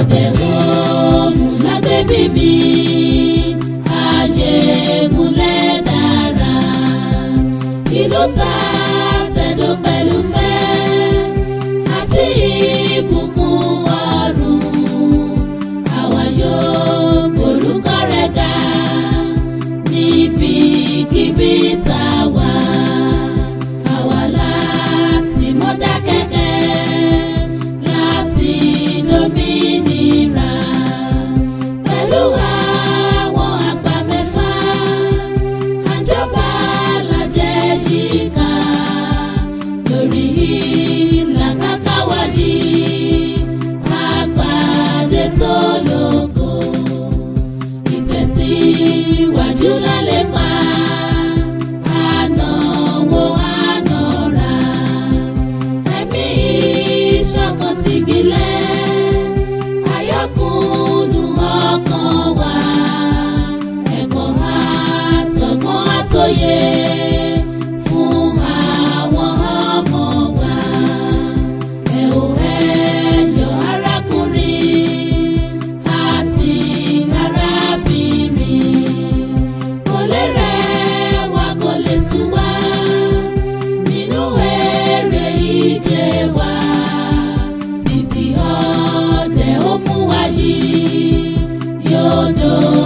ọdẹ wo múlágbébí mi ayé múlẹ̀ dára kí ló ta. ìtòlógo ìtẹ̀síwájú lálẹ́ pa ànáwó ànọ́ra ẹ̀mí ìṣọ̀kan ti gbilẹ̀ àyọkúnú ọkàn wa ẹ̀kọ́ your door.